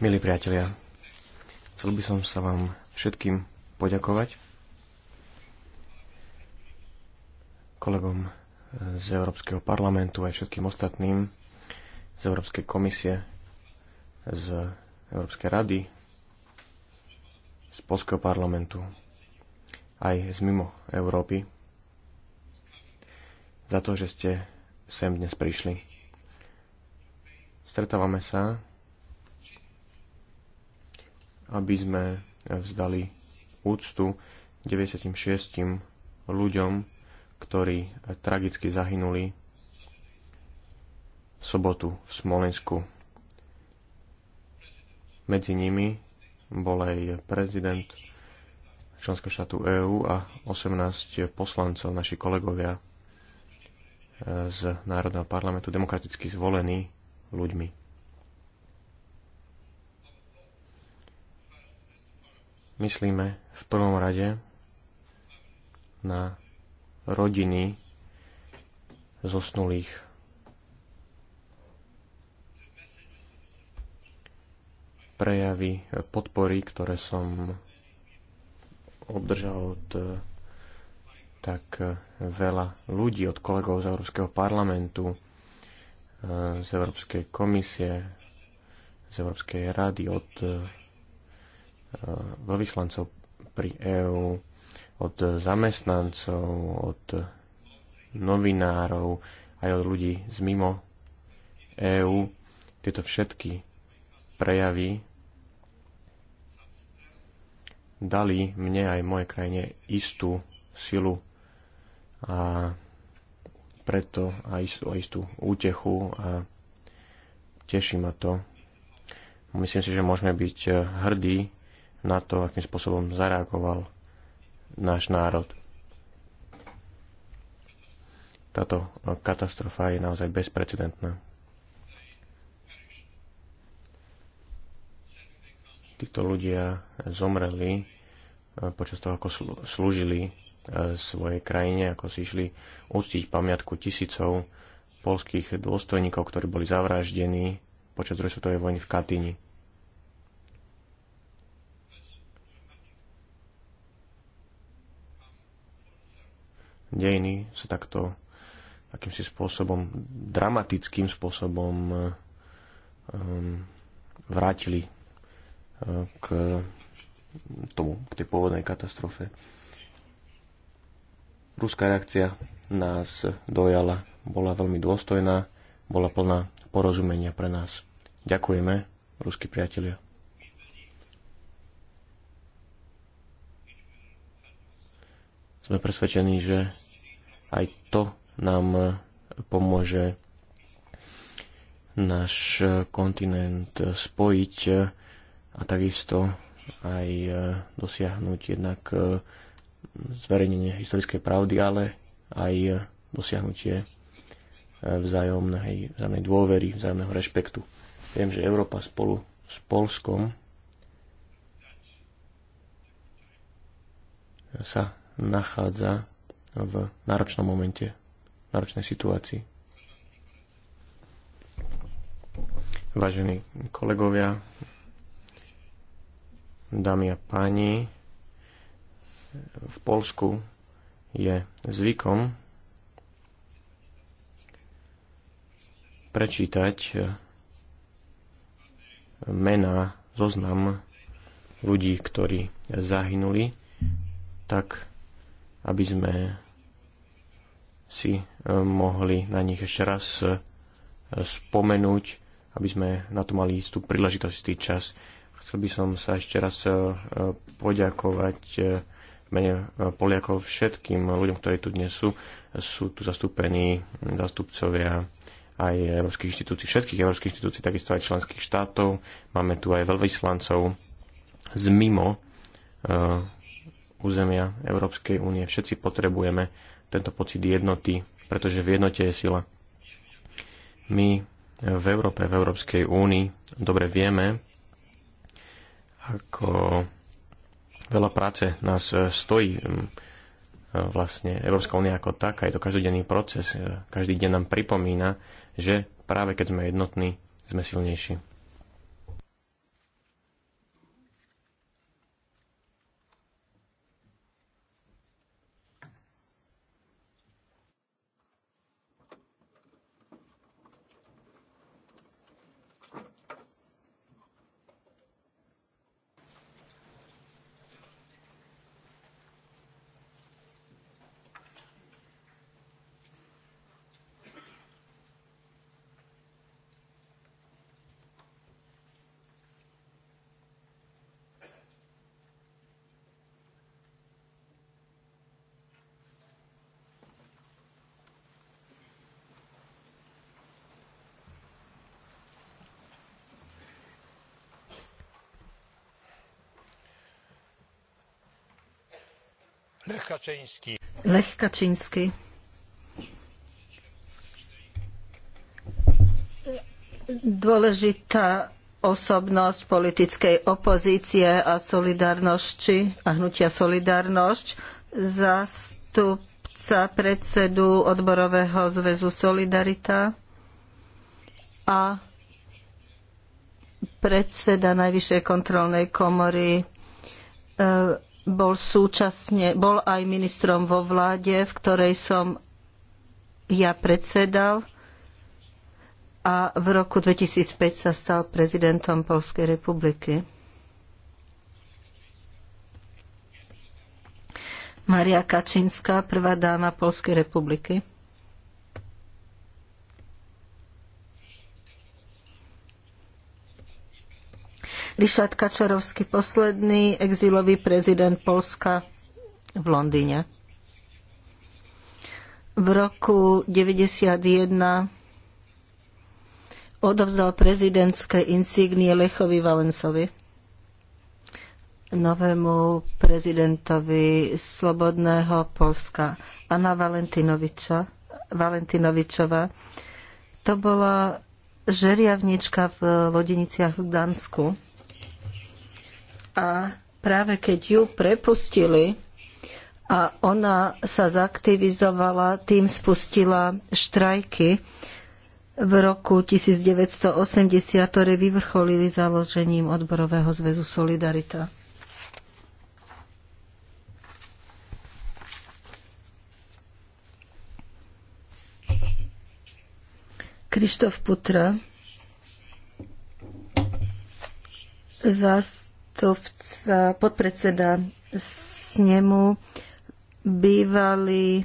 Milí priatelia, chcel by som sa vám všetkým poďakovať kolegom z Európskeho parlamentu aj všetkým ostatným z Európskej komisie, z Európskej rady, z Polského parlamentu, aj z mimo Európy, za to, že ste sem dnes prišli stretávame sa, aby sme vzdali úctu 96 ľuďom, ktorí tragicky zahynuli v sobotu v Smolensku. Medzi nimi bol aj prezident členského štátu EÚ a 18 poslancov, naši kolegovia z Národného parlamentu, demokraticky zvolení ľuďmi. Myslíme v prvom rade na rodiny zosnulých. Prejavy podpory, ktoré som obdržal od eh, tak eh, veľa ľudí, od kolegov z Európskeho parlamentu, Eh, z Európskej komisie, z Európskej rady, od eh, veľvyslancov pri EÚ, od zamestnancov, od novinárov, aj od ľudí z mimo EÚ. Tieto všetky prejavy dali mne aj mojej krajine istú silu a preto aj istú, istú útechu a teší ma to. Myslím si, že môžeme byť e, hrdí na to, akým spôsobom zareagoval náš národ. Táto e, katastrofa je naozaj bezprecedentná. Títo ľudia zomreli e, počas toho, ako slúžili E, svojej krajine, ako si išli uctiť pamiatku tisícov polských dôstojníkov, ktorí boli zavraždení počas druhej svetovej vojny v Katyni. Dejiny sa takto akýmsi spôsobom, dramatickým spôsobom um, vrátili e, k tomu, k tej pôvodnej katastrofe. Ruská reakcia nás dojala, bola veľmi dôstojná, bola plná porozumenia pre nás. Ďakujeme, ruskí priatelia. Sme presvedčení, že aj to nám pomôže náš kontinent spojiť a takisto aj dosiahnuť jednak zverejnenie historickej pravdy, ale aj dosiahnutie e, vzájomnej, vzájomnej dôvery, vzájomného rešpektu. Viem, že Európa spolu s Polskom sa nachádza v náročnom momente, náročnej situácii. Vážení kolegovia, dámy a páni, v Polsku je zvykom prečítať e, mená, zoznam ľudí, ktorí zahynuli, tak aby sme si e, mohli na nich ešte raz e, spomenúť, aby sme na to mali istú príležitosť, čas. Chcel by som sa ešte raz poďakovať mene e, Poliakov všetkým ľuďom, ktorí tu dnes sú. Sú tu zastúpení zastupcovia aj európskych inštitúcií, všetkých európskych inštitúcií, takisto aj členských štátov. Máme tu aj veľvyslancov z mimo uh, územia Európskej únie. Všetci potrebujeme tento pocit jednoty, pretože v jednote je sila. My v Európe, v Európskej únii dobre vieme, ako Veľa práce nás e, stojí e, vlastne Európska únia ako taká. Je to každodenný proces. E, každý deň nám pripomína, že práve keď sme jednotní, sme silnejší. Lech Kaczyński. Dôležitá osobnosť politickej opozície a solidarnosti a hnutia Solidarnosť, zástupca predsedu odborového zväzu Solidarita a predseda Najvyššej kontrolnej komory e, bol súčasne, bol aj ministrom vo vláde, v ktorej som ja predsedal a v roku 2005 sa stal prezidentom Polskej republiky. Maria Kačinská, prvá dáma Polskej republiky. Richard Kačarovský, posledný exilový prezident Polska v Londýne. V roku 1991 odovzdal prezidentské insígnie Lechovi Valencovi, novému prezidentovi Slobodného Polska, Anna Valentinoviča, Valentinovičova. To bola žeriavnička v Lodiniciach v Dánsku. A práve keď ju prepustili a ona sa zaktivizovala, tým spustila štrajky v roku 1980, ktoré vyvrcholili založením odborového zväzu Solidarita. Krištof Putra, zas Tovca, podpredseda snemu, bývalý e,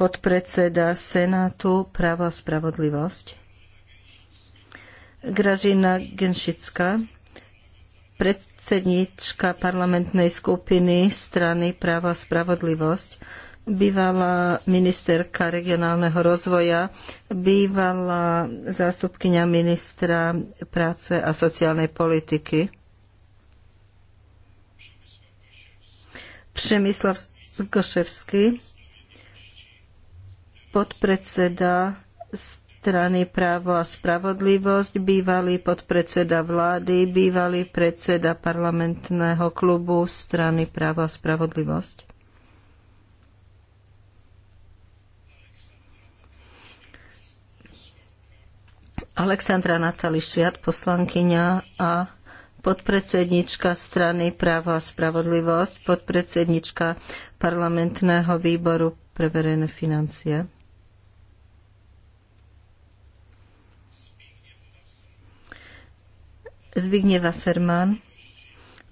podpredseda Senátu Právo a spravodlivosť. Gražina Genšická, predsednička parlamentnej skupiny strany Právo a spravodlivosť, bývalá ministerka regionálneho rozvoja, bývalá zástupkynia ministra práce a sociálnej politiky Přemyslav podpredseda strany Právo a spravodlivosť, bývalý podpredseda vlády, bývalý predseda parlamentného klubu strany Právo a spravodlivosť. Alexandra Natali Šviat, poslankyňa a podpredsednička strany Právo a spravodlivosť, podpredsednička parlamentného výboru pre verejné financie. Zbigniew Wasserman,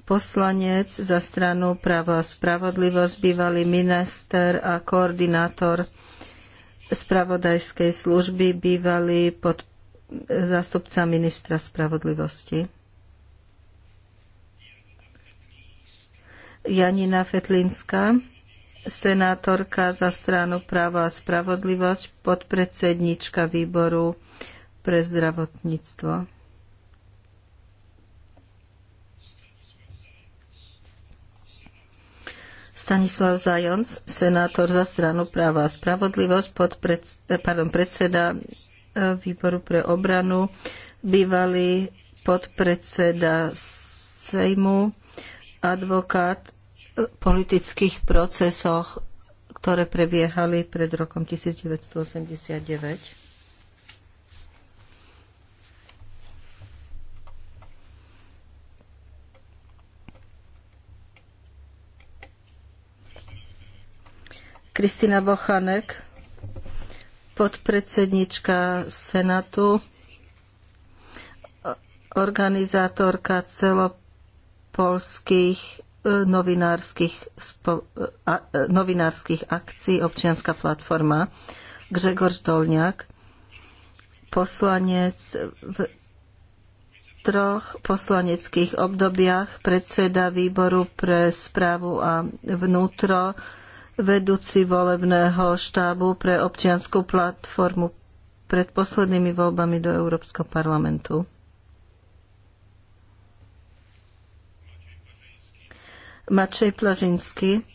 poslanec za stranu Právo a spravodlivosť, bývalý minister a koordinátor spravodajskej služby, bývalý pod, zástupca ministra spravodlivosti. Janina Fetlinská, senátorka za stranu práva a spravodlivosť, podpredsednička výboru pre zdravotníctvo. Stanislav Zajonc, senátor za stranu práva a spravodlivosť, podpred, eh, pardon, predseda eh, výboru pre obranu, bývalý podpredseda Sejmu, advokát v politických procesoch, ktoré prebiehali pred rokom 1989. Kristina Bochanek, podpredsednička Senátu, organizátorka celo polských e, novinárskych, e, e, novinárskych akcií občianská platforma Gregor Dolňák, poslanec v troch poslaneckých obdobiach, predseda výboru pre správu a vnútro, vedúci volebného štábu pre občianskú platformu pred poslednými voľbami do Európskeho parlamentu. Mačej Plažinsky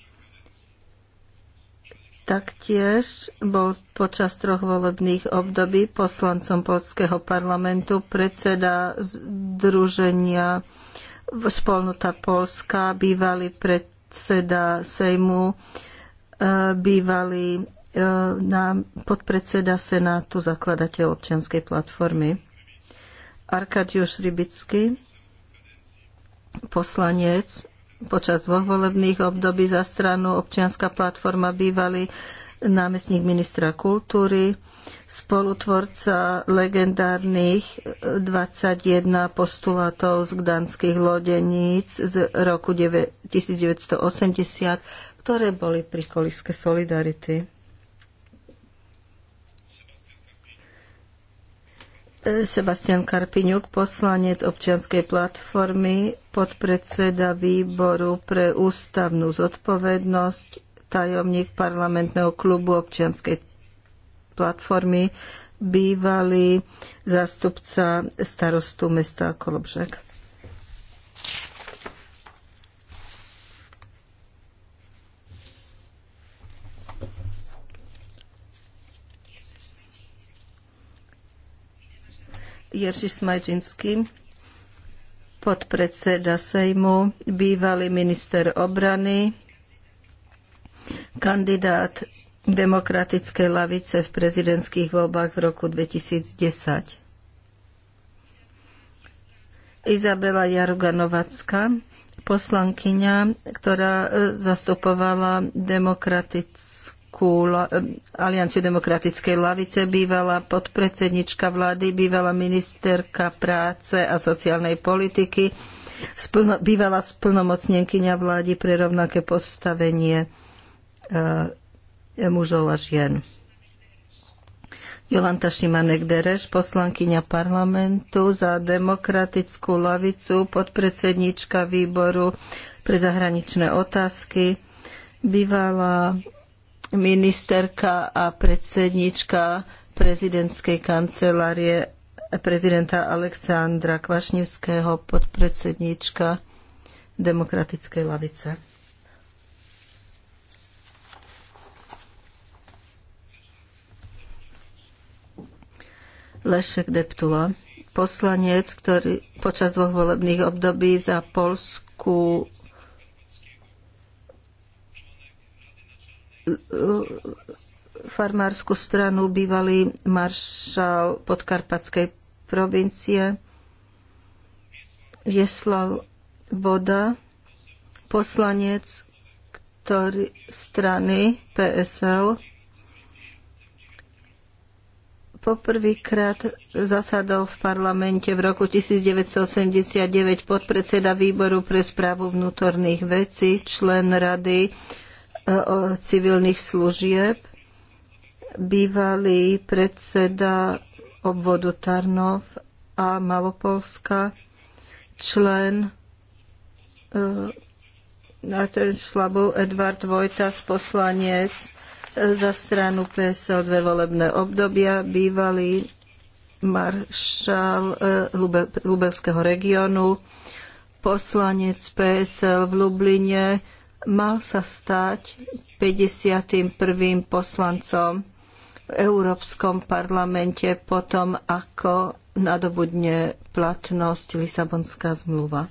taktiež bol počas troch volebných období poslancom Polského parlamentu, predseda Združenia Spolnuta Polska, bývalý predseda Sejmu, e, bývalý e, na podpredseda Senátu, zakladateľ občianskej platformy. Arkadiusz Rybický, poslanec počas dvoch volebných období za stranu občianská platforma bývalý námestník ministra kultúry, spolutvorca legendárnych 21 postulátov z gdanských lodeníc z roku 1980, ktoré boli pri koliske Solidarity. Sebastian Karpiňuk, poslanec občianskej platformy, podpredseda výboru pre ústavnú zodpovednosť, tajomník parlamentného klubu občianskej platformy, bývalý zástupca starostu mesta Kolobžek. Jerzy Smajčinský, podpredseda Sejmu, bývalý minister obrany, kandidát demokratickej lavice v prezidentských voľbách v roku 2010. Izabela Jaruganovacka, poslankyňa, ktorá e, zastupovala demokratickú Európsku eh, alianciu demokratickej lavice, bývalá podpredsednička vlády, bývalá ministerka práce a sociálnej politiky, splno, bývalá splnomocnenkyňa vlády pre rovnaké postavenie e, mužov a žien. Jolanta Šimanek Dereš, poslankyňa parlamentu za demokratickú lavicu, podpredsednička výboru pre zahraničné otázky, bývalá ministerka a predsednička prezidentskej kancelárie prezidenta Alexandra Kvašnevského, podpredsedníčka Demokratickej lavice. Lešek Deptula, poslanec, ktorý počas dvoch volebných období za Polsku farmárskú stranu bývalý maršal podkarpatskej provincie Vieslav Boda, poslanec ktorý, strany PSL, poprvýkrát zasadol v parlamente v roku 1989 podpredseda výboru pre správu vnútorných vecí, člen rady E, civilných služieb, bývalý predseda obvodu Tarnov a Malopolska, člen e, no, ten šlabu Edvard Vojtas, poslanec e, za stranu PSL dve volebné obdobia, bývalý maršal Lubelského regiónu, poslanec PSL v Lubline, mal sa stať 51. poslancom v Európskom parlamente potom, ako nadobudne platnosť Lisabonská zmluva.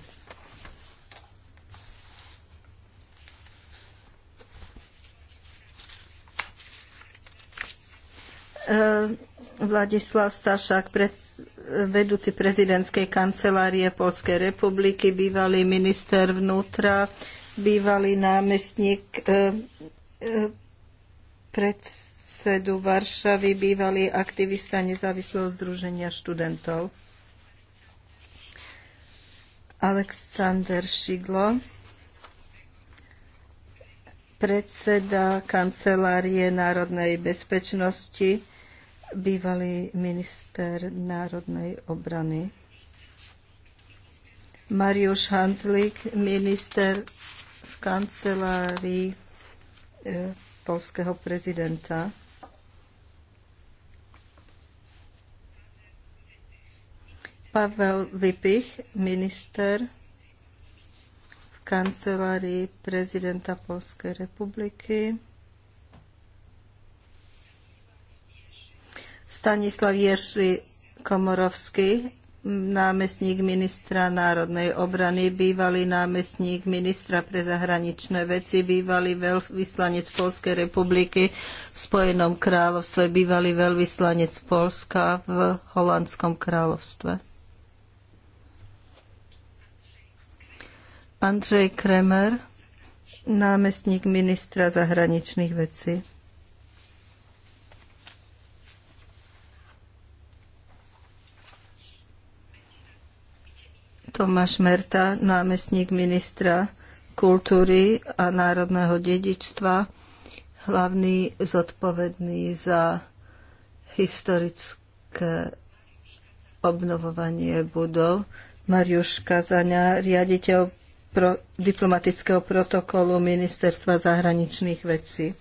E, Vladislav Stašák, pred, vedúci prezidentskej kancelárie Polskej republiky, bývalý minister vnútra, bývalý námestník e, e, predsedu Varšavy, bývalý aktivista nezávislého združenia študentov. Aleksandr Šidlo, predseda kancelárie národnej bezpečnosti, bývalý minister národnej obrany. Mariusz Hanzlik, minister kancelárii e, polského prezidenta. Pavel Vypich, minister v kancelárii prezidenta Polskej republiky. Stanislav Jerzy Komorovský, námestník ministra národnej obrany, bývalý námestník ministra pre zahraničné veci, bývalý veľvyslanec Polskej republiky v Spojenom kráľovstve, bývalý veľvyslanec Polska v Holandskom kráľovstve. Andrej Kremer, námestník ministra zahraničných vecí. Tomáš Merta, námestník ministra kultúry a národného dedičstva, hlavný zodpovedný za historické obnovovanie budov, Mariuš Kazania, riaditeľ pro diplomatického protokolu Ministerstva zahraničných vecí.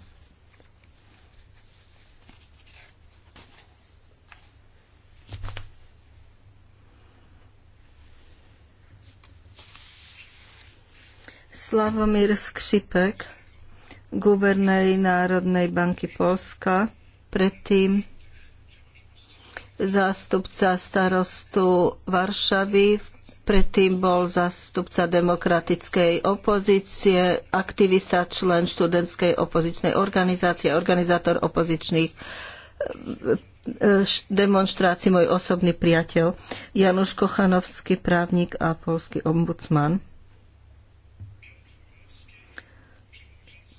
Slavomír Skřipek, guvernej Národnej banky Polska, predtým zástupca starostu Varšavy, predtým bol zástupca demokratickej opozície, aktivista, člen študentskej opozičnej organizácie, organizátor opozičných eh, eh, demonstrácií, môj osobný priateľ, Janusz Kochanovský, právnik a polský ombudsman.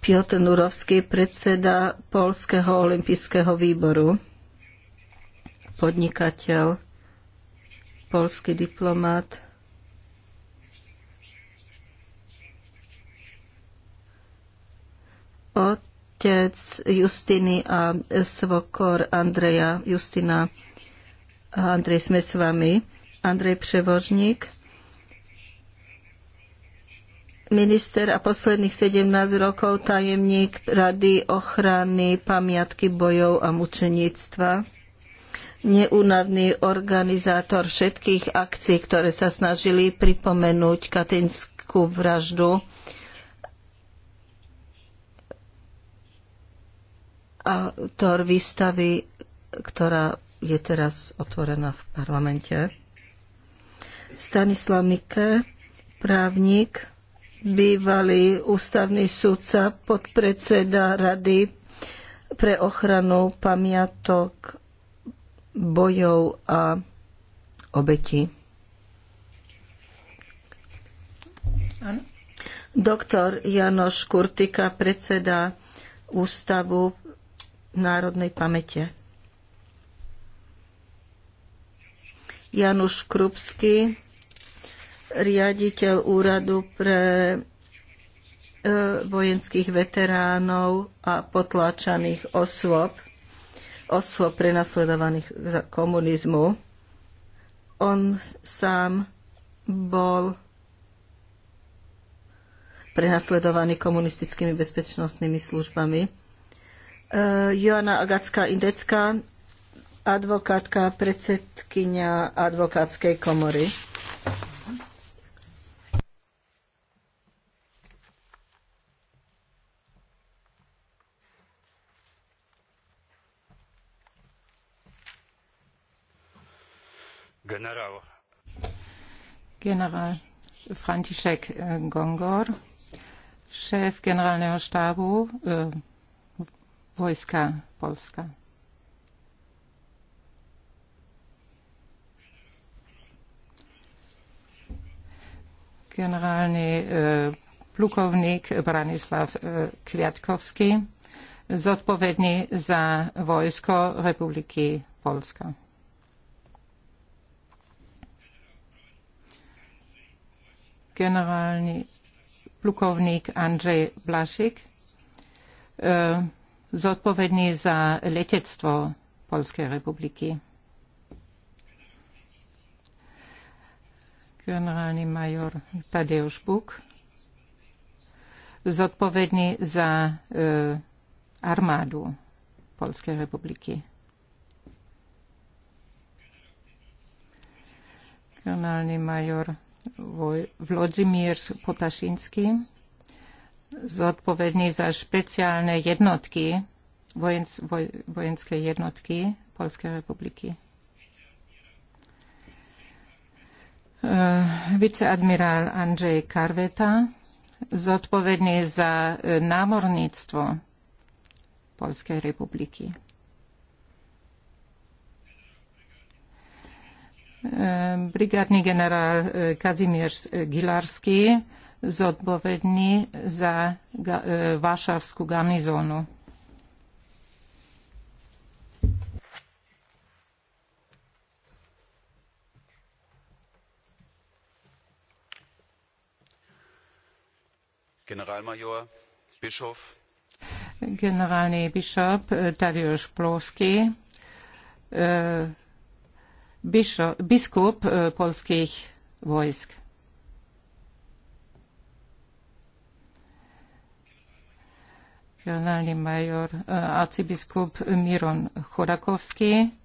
Piotr Nurovský, predseda Polského olympijského výboru, podnikateľ, polský diplomát. Otec Justiny a svokor Andreja Justina. Andrej, sme s vami. Andrej Převožník, minister a posledných 17 rokov tajemník Rady ochrany pamiatky bojov a mučeníctva neúnavný organizátor všetkých akcií, ktoré sa snažili pripomenúť katinskú vraždu. Autor výstavy, ktorá je teraz otvorená v parlamente. Stanislav Mike, právnik, bývalý ústavný sudca, podpredseda Rady pre ochranu pamiatok, bojov a obetí. Doktor Janoš Kurtika, predseda Ústavu národnej pamäte. Januš Krupsky, riaditeľ úradu pre e, vojenských veteránov a potláčaných osôb, osôb prenasledovaných za komunizmu. On sám bol prenasledovaný komunistickými bezpečnostnými službami. E, Joana Agacká Indecká, advokátka, predsedkynia advokátskej komory. generał. Generál František eh, Gongor, šéf generálneho štábu eh, vojska Polska. Generálny e, plukovník Branislav e, Kviatkovský, zodpovedný za vojsko Republiky Polska. generálny plukovník Andrej Blašik, e, zodpovedný za letectvo Polskej republiky. Generálny major Tadeusz Buk, zodpovedný za e, armádu Polskej republiky. Generálny major Vladimír Potašinský, zodpovedný za špeciálne jednotky, vojens, voj, vojenské jednotky Polskej republiky. Eh, viceadmirál Andrzej Karveta, zodpovedný za eh, námorníctvo Polskej republiky. Ehm, brigádny generál e, Kazimier e, Gilarský, zodpovedný za e, Varšavskú garnizónu. Generálmajor, bischof. Generálny bischof Tadeusz Plowski, e biskup e, polských vojsk. Generálny major e, arcibiskup Miron Chodakovský,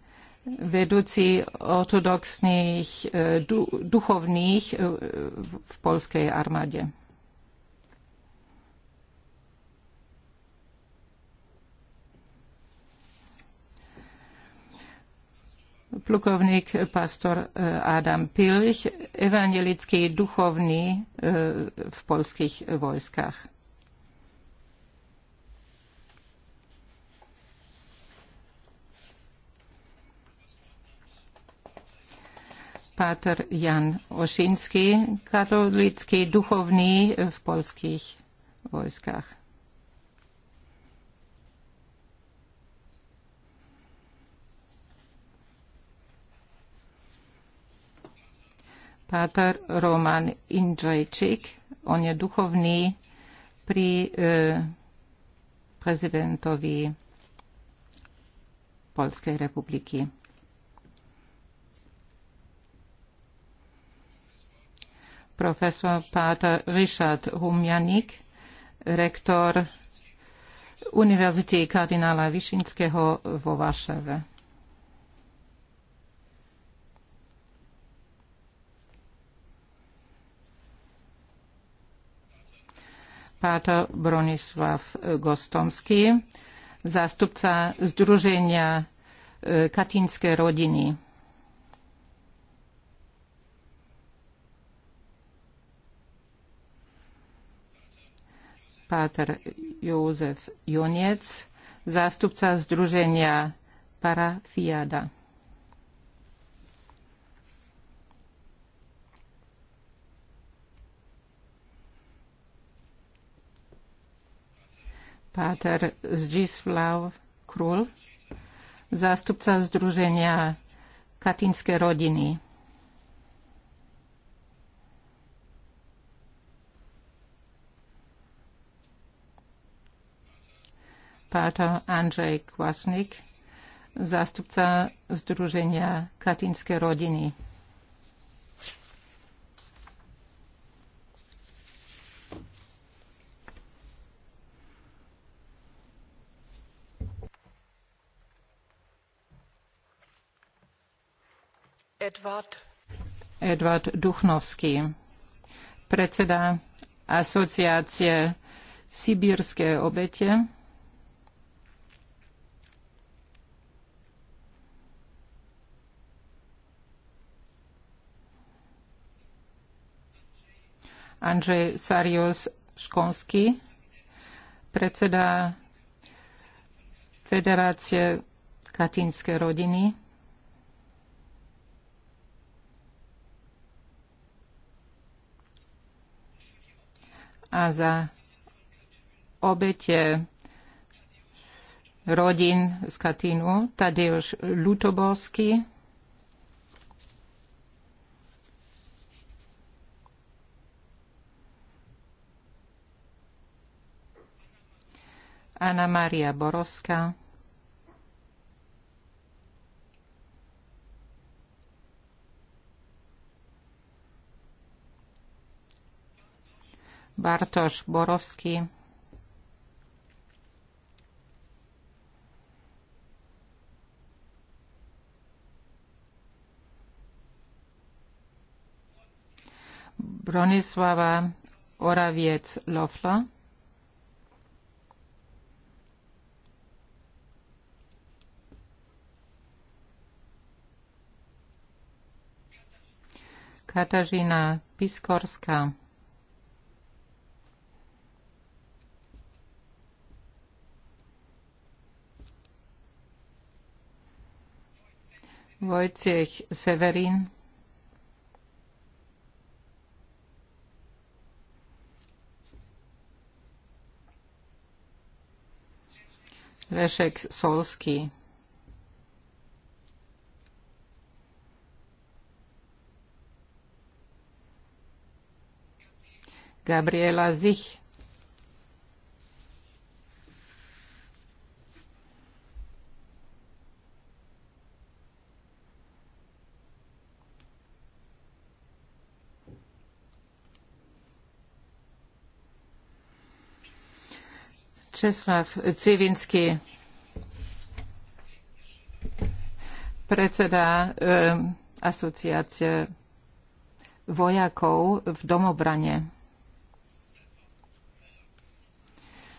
vedúci ortodoxných e, duchovných v polskej armáde. plukovník pastor e, Adam Pilch, evangelický duchovný e, v polských vojskách. Páter Jan Ošinský, katolický duchovný e, v polských vojskách. Páter Roman Indrejčík. On je duchovný pri e, prezidentovi Polskej republiky. Profesor Páter Richard Rumjanik, rektor Univerzity kardinála Višinského vo Varšave. páter Bronislav Gostomský, zástupca Združenia e, katinskej rodiny. Páter Jozef Joniec, zástupca Združenia Parafiada. Páter Zdzislav Krul, zástupca Združenia Katinské rodiny. Páter Andrzej Kwasnik, zástupca Združenia Katinské rodiny. Edward Edvard Duchnovský, predseda asociácie Sibírske obete. Andrzej Sarios Škonský, predseda Federácie katinskej rodiny. a za obete rodín z Katynu, Tadeusz Lutoborský. Anna Maria Borowska. Bartoš Borovský. Bronislava Oraviec Lofla. Katarzyna Piskorska. Vojciech Severin. Lešek Solský. Gabriela Zich. Česlav Civinský, predseda eh, asociácie vojakov v domobrane.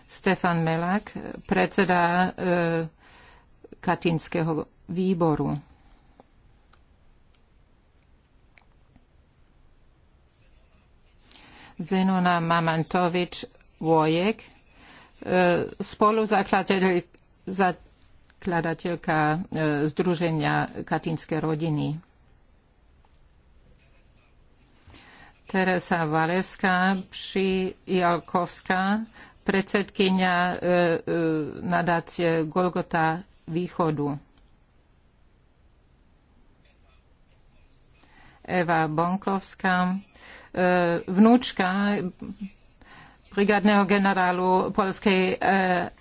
Stefan Melak, predseda eh, Katinského výboru. Zenona Mamantovič, Vojek, E, spoluzakladateľka e, Združenia Katinské rodiny. Teresa Valevská, Pši Jalkovská, predsedkynia e, nadácie Golgota Východu. Eva Bonkovská, vnúčka brigádneho generálu polskej e,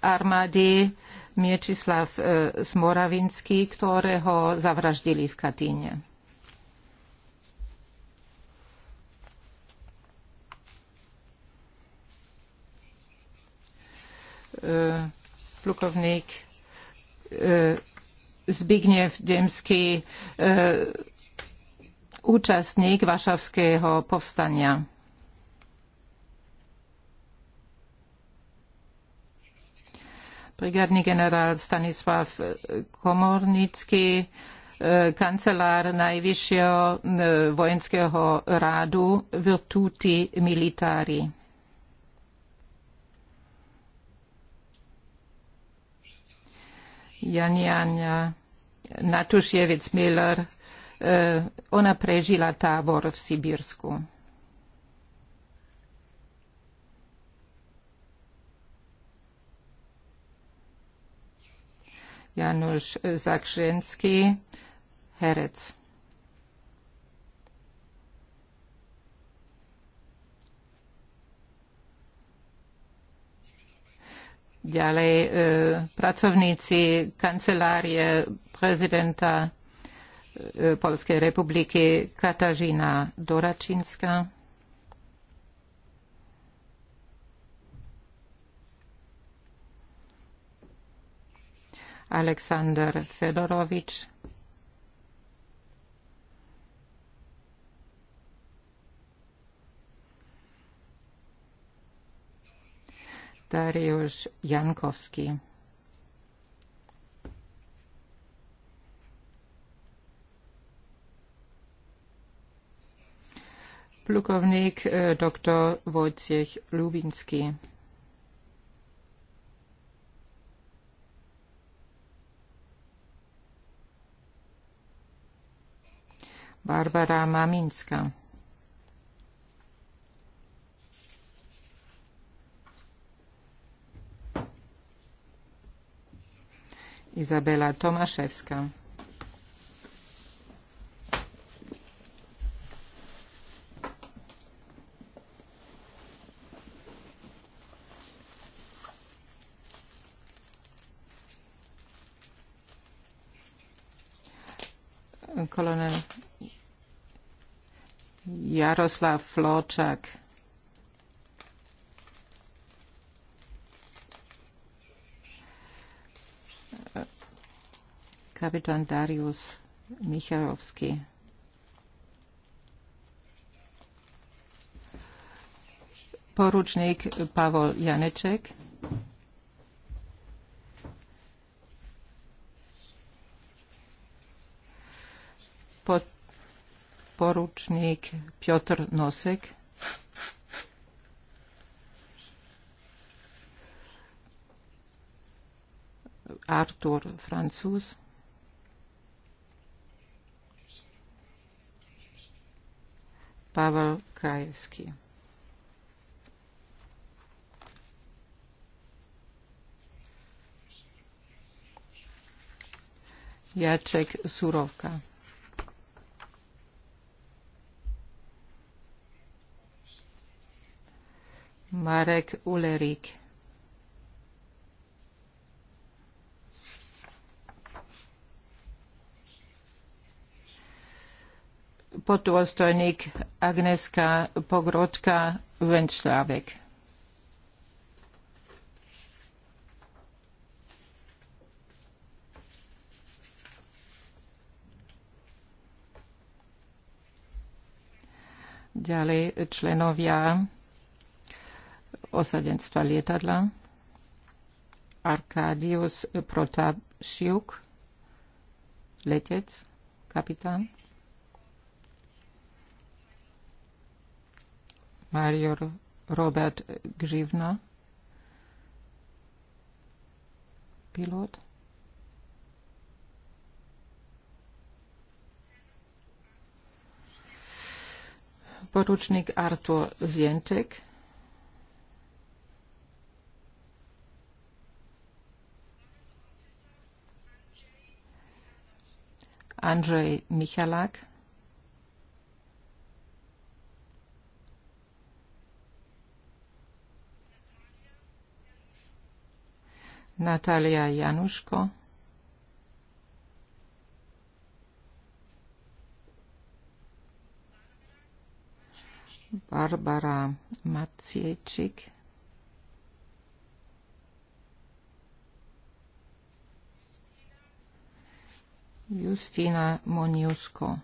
armády Miečislav e, Smoravinský, ktorého zavraždili v Katíne. E, plukovník Zbigniew Demský, účastník Varšavského povstania. brigádny generál Stanislav Komornický, e, kancelár Najvyššieho e, vojenského rádu Virtuti Militari. Jan Natuševic Miller, e, ona prežila tábor v Sibírsku. Janusz Zakrzynski, herec. Ďalej e, pracovníci kancelárie prezidenta e, Polskej republiky Katažina Doračinská. Aleksandr Fedorovič. Dariusz Jankowski. plukovník eh, dr. Vojciech Lubinský. Barbara Maminská. Izabela Tomaszewska. Jaroslav Fločák. kapitán Darius Michalovský. Poručník Pavol Janeček. poručník Piotr Nosek. Artur Francúz. Pavel Krajewski. Jacek Surovka. Marek Ulerik. Podôstojník Agneska Pogrodka Venčlávek. Ďalej členovia osadenstva lietadla. Arkadius Protasiuk, letec, kapitán. Major Robert Gživna, pilot. poručník Artur Zientek, Andrzej Michalák. Natália Januško. Barbara Maciejčik. Justina Moniusko.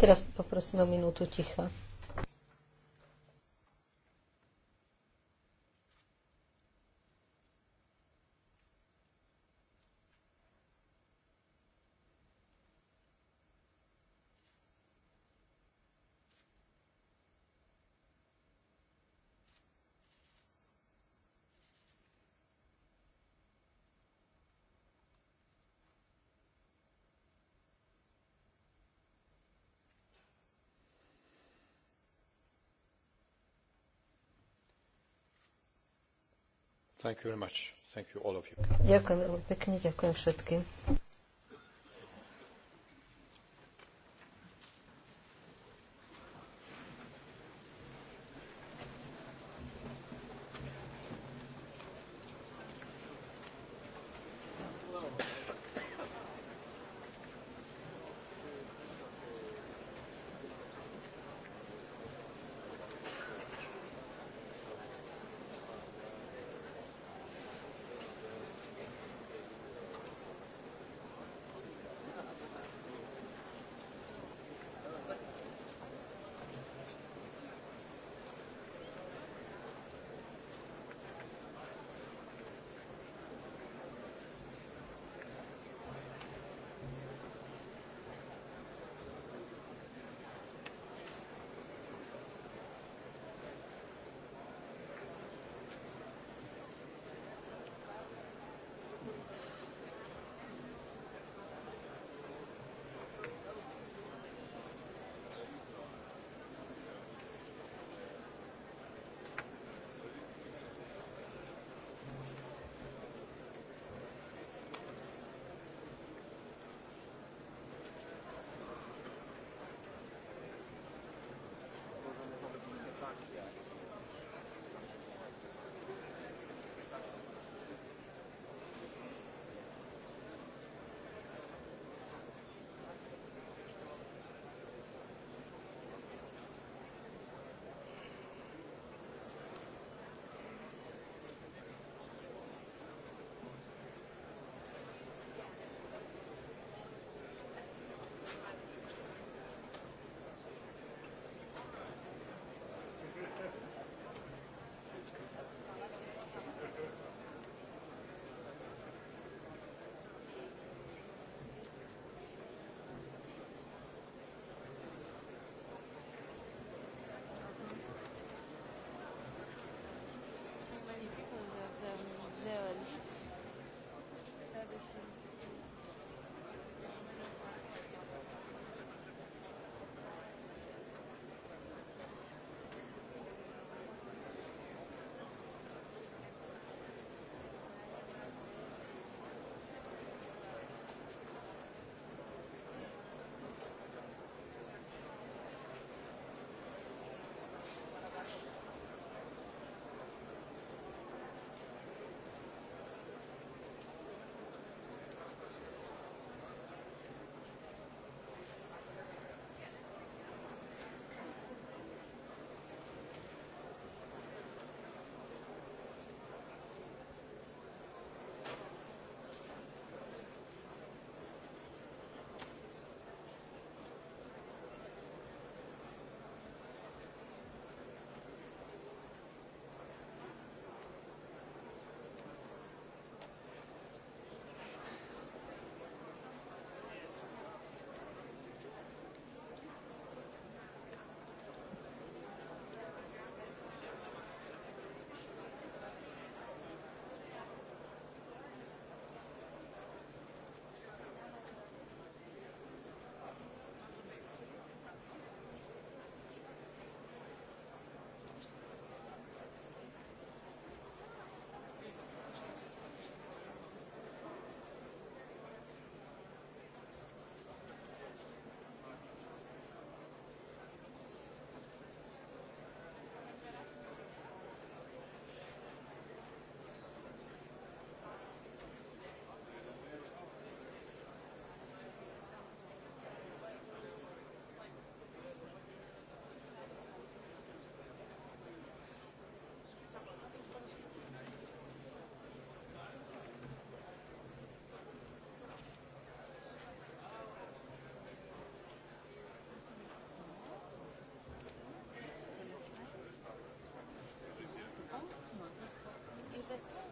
Teraz poprosíme o minútu ticha. Thank you very much. Thank you all of you. Ďakujem veľmi pekne, ďakujem všetkým. です。